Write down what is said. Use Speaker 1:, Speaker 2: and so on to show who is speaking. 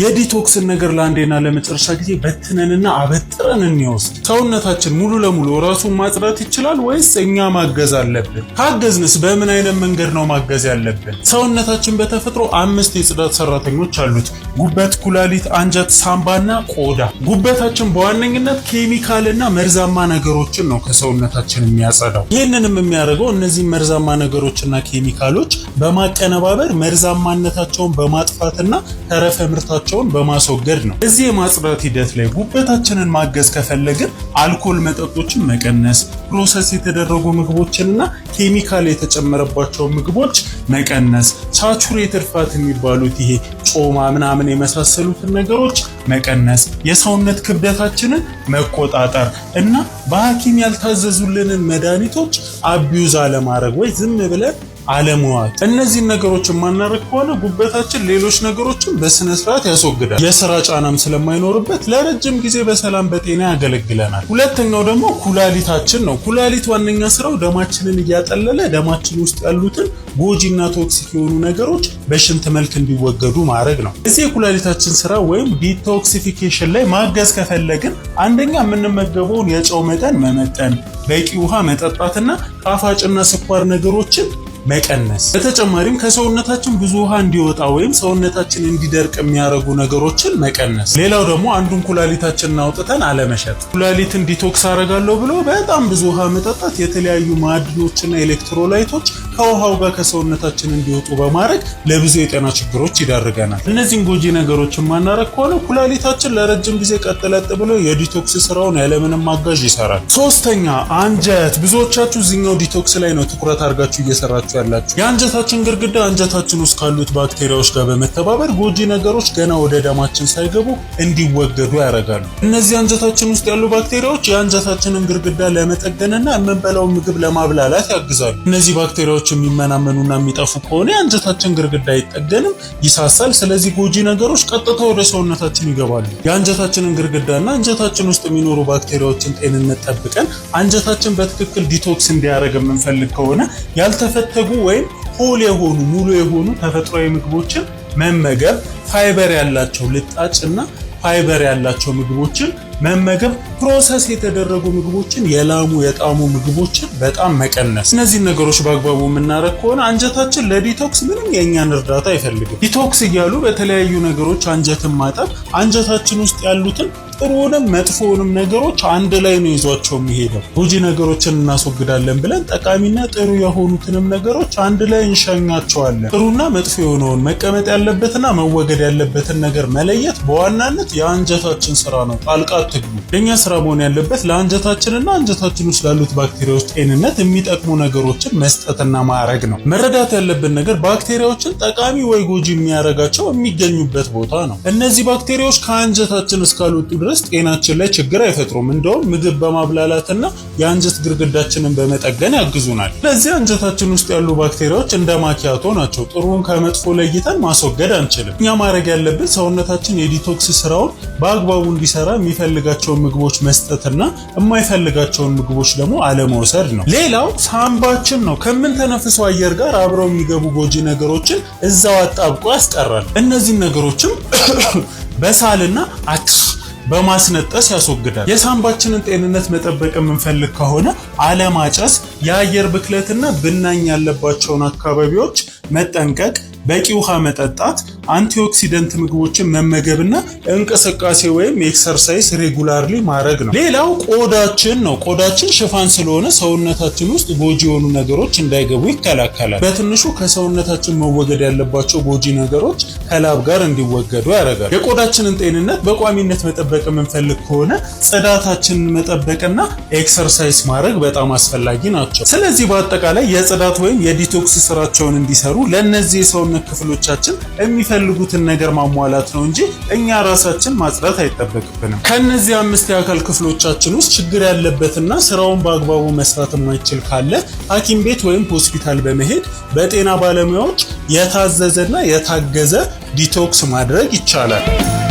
Speaker 1: የዲቶክስን ነገር ለአንዴና ለመጨረሻ ጊዜ በትነንና አበጥረን እንወስድ። ሰውነታችን ሙሉ ለሙሉ ራሱን ማጽዳት ይችላል ወይስ እኛ ማገዝ አለብን? ካገዝንስ በምን አይነት መንገድ ነው ማገዝ ያለብን? ሰውነታችን በተፈጥሮ አምስት የጽዳት ሰራተኞች አሉት፤ ጉበት፣ ኩላሊት፣ አንጀት፣ ሳምባና ቆዳ። ጉበታችን በዋነኝነት ኬሚካልና መርዛማ ነገሮችን ነው ከሰውነታችን የሚያጸዳው። ይህንንም የሚያደርገው እነዚህ መርዛማ ነገሮችና ኬሚካሎች በማቀነባበር መርዛማነታቸውን በማጥፋትና ተረፈ ምርታቸው ጉበታቸውን በማስወገድ ነው። እዚህ የማጽዳት ሂደት ላይ ጉበታችንን ማገዝ ከፈለግን አልኮል መጠጦችን መቀነስ፣ ፕሮሰስ የተደረጉ ምግቦችንና ኬሚካል የተጨመረባቸው ምግቦች መቀነስ፣ ሳቹሬትድ ፋት የሚባሉት ይሄ ጮማ ምናምን የመሳሰሉትን ነገሮች መቀነስ፣ የሰውነት ክብደታችንን መቆጣጠር እና በሐኪም ያልታዘዙልንን መድኃኒቶች አቢዩዝ አለማድረግ ወይ ዝም ብለን አለመዋል። እነዚህን ነገሮች የማናደርግ ከሆነ ጉበታችን ሌሎች ነገሮችን በስነ ስርዓት ያስወግዳል። የስራ ጫናም ስለማይኖርበት ለረጅም ጊዜ በሰላም በጤና ያገለግለናል። ሁለተኛው ደግሞ ኩላሊታችን ነው። ኩላሊት ዋነኛ ስራው ደማችንን እያጠለለ ደማችን ውስጥ ያሉትን ጎጂና ቶክሲክ የሆኑ ነገሮች በሽንት መልክ እንዲወገዱ ማድረግ ነው። እዚህ የኩላሊታችን ስራ ወይም ዲቶክሲፊኬሽን ላይ ማገዝ ከፈለግን አንደኛ የምንመገበውን የጨው መጠን መመጠን፣ በቂ ውሃ መጠጣትና ጣፋጭና ስኳር ነገሮችን መቀነስ። በተጨማሪም ከሰውነታችን ብዙ ውሃ እንዲወጣ ወይም ሰውነታችን እንዲደርቅ የሚያደርጉ ነገሮችን መቀነስ። ሌላው ደግሞ አንዱን ኩላሊታችንን አውጥተን አለመሸጥ። ኩላሊትን ዲቶክስ አደርጋለሁ ብሎ በጣም ብዙ ውሃ መጠጣት የተለያዩ ማዕድኖችና ኤሌክትሮላይቶች ከውሃው ጋር ከሰውነታችን እንዲወጡ በማድረግ ለብዙ የጤና ችግሮች ይዳርገናል። እነዚህን ጎጂ ነገሮች የማናረግ ከሆነ ኩላሊታችን ለረጅም ጊዜ ቀጥለጥ ብሎ የዲቶክስ ስራውን ያለምንም አጋዥ ይሰራል። ሶስተኛ አንጀት። ብዙዎቻችሁ እዚኛው ዲቶክስ ላይ ነው ትኩረት አድርጋችሁ እየሰራችሁ ያላችሁ። የአንጀታችን ግድግዳ አንጀታችን ውስጥ ካሉት ባክቴሪያዎች ጋር በመተባበር ጎጂ ነገሮች ገና ወደ ደማችን ሳይገቡ እንዲወገዱ ያደርጋሉ። እነዚህ አንጀታችን ውስጥ ያሉ ባክቴሪያዎች የአንጀታችንን ግድግዳ ለመጠገንና የምንበላው ምግብ ለማብላላት ያግዛሉ። እነዚህ ባክቴሪያዎች ነገሮች የሚመናመኑና የሚጠፉ ከሆነ የአንጀታችን ግርግዳ አይጠገንም፣ ይሳሳል። ስለዚህ ጎጂ ነገሮች ቀጥታ ወደ ሰውነታችን ይገባሉ። የአንጀታችንን ግርግዳና አንጀታችን ውስጥ የሚኖሩ ባክቴሪያዎችን ጤንነት ጠብቀን አንጀታችን በትክክል ዲቶክስ እንዲያደርግ የምንፈልግ ከሆነ ያልተፈተጉ ወይም ሆል የሆኑ ሙሉ የሆኑ ተፈጥሯዊ ምግቦችን መመገብ፣ ፋይበር ያላቸው ልጣጭ እና ፋይበር ያላቸው ምግቦችን መመገብ ፕሮሰስ የተደረጉ ምግቦችን፣ የላሙ የጣሙ ምግቦችን በጣም መቀነስ። እነዚህን ነገሮች በአግባቡ የምናደርግ ከሆነ አንጀታችን ለዲቶክስ ምንም የእኛን እርዳታ አይፈልግም። ዲቶክስ እያሉ በተለያዩ ነገሮች አንጀትን ማጠብ አንጀታችን ውስጥ ያሉትን ጥሩንም መጥፎውንም ነገሮች አንድ ላይ ነው ይዟቸው የሚሄደው። ጎጂ ነገሮችን እናስወግዳለን ብለን ጠቃሚና ጥሩ የሆኑትንም ነገሮች አንድ ላይ እንሸኛቸዋለን። ጥሩና መጥፎ የሆነውን መቀመጥ ያለበትና መወገድ ያለበትን ነገር መለየት በዋናነት የአንጀታችን ስራ ነው። ጣልቃ ትግቡ ለእኛ ስራ መሆን ያለበት ለአንጀታችንና አንጀታችን ውስጥ ላሉት ባክቴሪያዎች ጤንነት የሚጠቅሙ ነገሮችን መስጠትና ማረግ ነው። መረዳት ያለብን ነገር ባክቴሪያዎችን ጠቃሚ ወይ ጎጂ የሚያረጋቸው የሚገኙበት ቦታ ነው። እነዚህ ባክቴሪያዎች ከአንጀታችን እስካልወጡ ድረስ ጤናችን ላይ ችግር አይፈጥሩም። እንደውም ምግብ በማብላላትና የአንጀት ግድግዳችንን በመጠገን ያግዙናል። ስለዚህ አንጀታችን ውስጥ ያሉ ባክቴሪያዎች እንደ ማኪያቶ ናቸው። ጥሩን ከመጥፎ ለይተን ማስወገድ አንችልም። እኛ ማድረግ ያለብን ሰውነታችን የዲቶክስ ስራውን በአግባቡ እንዲሰራ የሚፈልጋቸውን ምግቦች መስጠትና የማይፈልጋቸውን ምግቦች ደግሞ አለመውሰድ ነው። ሌላው ሳምባችን ነው። ከምንተነፍሰው አየር ጋር አብረው የሚገቡ ጎጂ ነገሮችን እዛው አጣብቆ ያስቀራል። እነዚህን ነገሮችም በሳልና አት በማስነጠስ ያስወግዳል። የሳምባችንን ጤንነት መጠበቅ የምንፈልግ ከሆነ አለማጨስ፣ የአየር ብክለትና ብናኝ ያለባቸውን አካባቢዎች መጠንቀቅ በቂ ውሃ መጠጣት፣ አንቲኦክሲደንት ምግቦችን መመገብና እንቅስቃሴ ወይም ኤክሰርሳይዝ ሬጉላርሊ ማድረግ ነው። ሌላው ቆዳችን ነው። ቆዳችን ሽፋን ስለሆነ ሰውነታችን ውስጥ ጎጂ የሆኑ ነገሮች እንዳይገቡ ይከላከላል። በትንሹ ከሰውነታችን መወገድ ያለባቸው ጎጂ ነገሮች ከላብ ጋር እንዲወገዱ ያደርጋል። የቆዳችንን ጤንነት በቋሚነት መጠበቅ የምንፈልግ ከሆነ ጽዳታችንን መጠበቅና ኤክሰርሳይዝ ማድረግ በጣም አስፈላጊ ናቸው። ስለዚህ በአጠቃላይ የጽዳት ወይም የዲቶክስ ስራቸውን እንዲሰሩ ለእነዚህ የሰውነት ሰውነት ክፍሎቻችን የሚፈልጉትን ነገር ማሟላት ነው እንጂ እኛ ራሳችን ማጽዳት አይጠበቅብንም። ከነዚህ አምስት የአካል ክፍሎቻችን ውስጥ ችግር ያለበትና ስራውን በአግባቡ መስራት የማይችል ካለ ሐኪም ቤት ወይም ሆስፒታል በመሄድ በጤና ባለሙያዎች የታዘዘና የታገዘ ዲቶክስ ማድረግ ይቻላል።